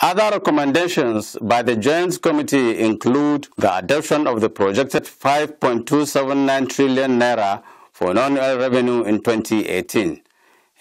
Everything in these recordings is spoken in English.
Other recommendations by the Joint Committee include the adoption of the projected 5.279 trillion naira for non-oil revenue in 2018.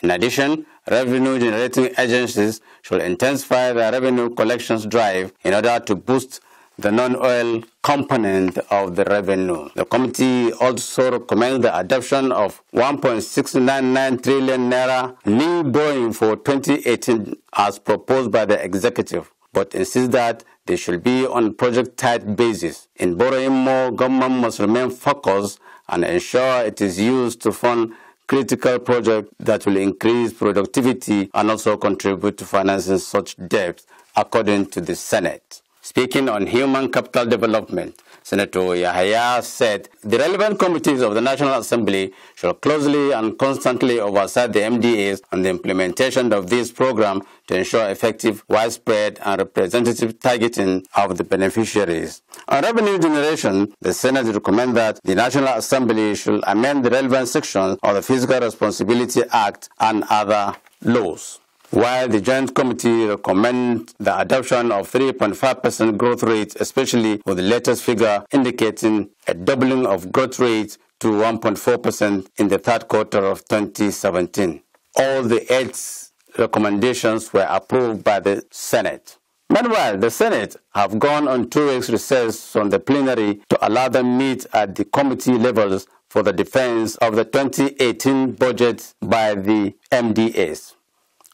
In addition, revenue generating agencies should intensify their revenue collections drive in order to boost the non-oil component of the revenue. The committee also recommends the adoption of 1.699 trillion naira new borrowing for 2018 as proposed by the executive, but insists that they should be on project-type basis. In borrowing more, government must remain focused and ensure it is used to fund critical projects that will increase productivity and also contribute to financing such debt, according to the Senate. Speaking on human capital development, Senator Yahaya said the relevant committees of the National Assembly shall closely and constantly oversee the MDAs on the implementation of this program to ensure effective, widespread, and representative targeting of the beneficiaries. On revenue generation, the Senate recommended that the National Assembly should amend the relevant sections of the Fiscal Responsibility Act and other laws. While the Joint Committee recommends the adoption of 3.5% growth rate, especially with the latest figure indicating a doubling of growth rate to 1.4% in the third quarter of 2017. All the eight recommendations were approved by the Senate. Meanwhile, the Senate have gone on two weeks recess from the plenary to allow them meet at the committee levels for the defense of the 2018 budget by the MDAs.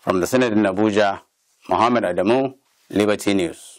From the Senate in Abuja, Mohammed Adamu, Liberty News.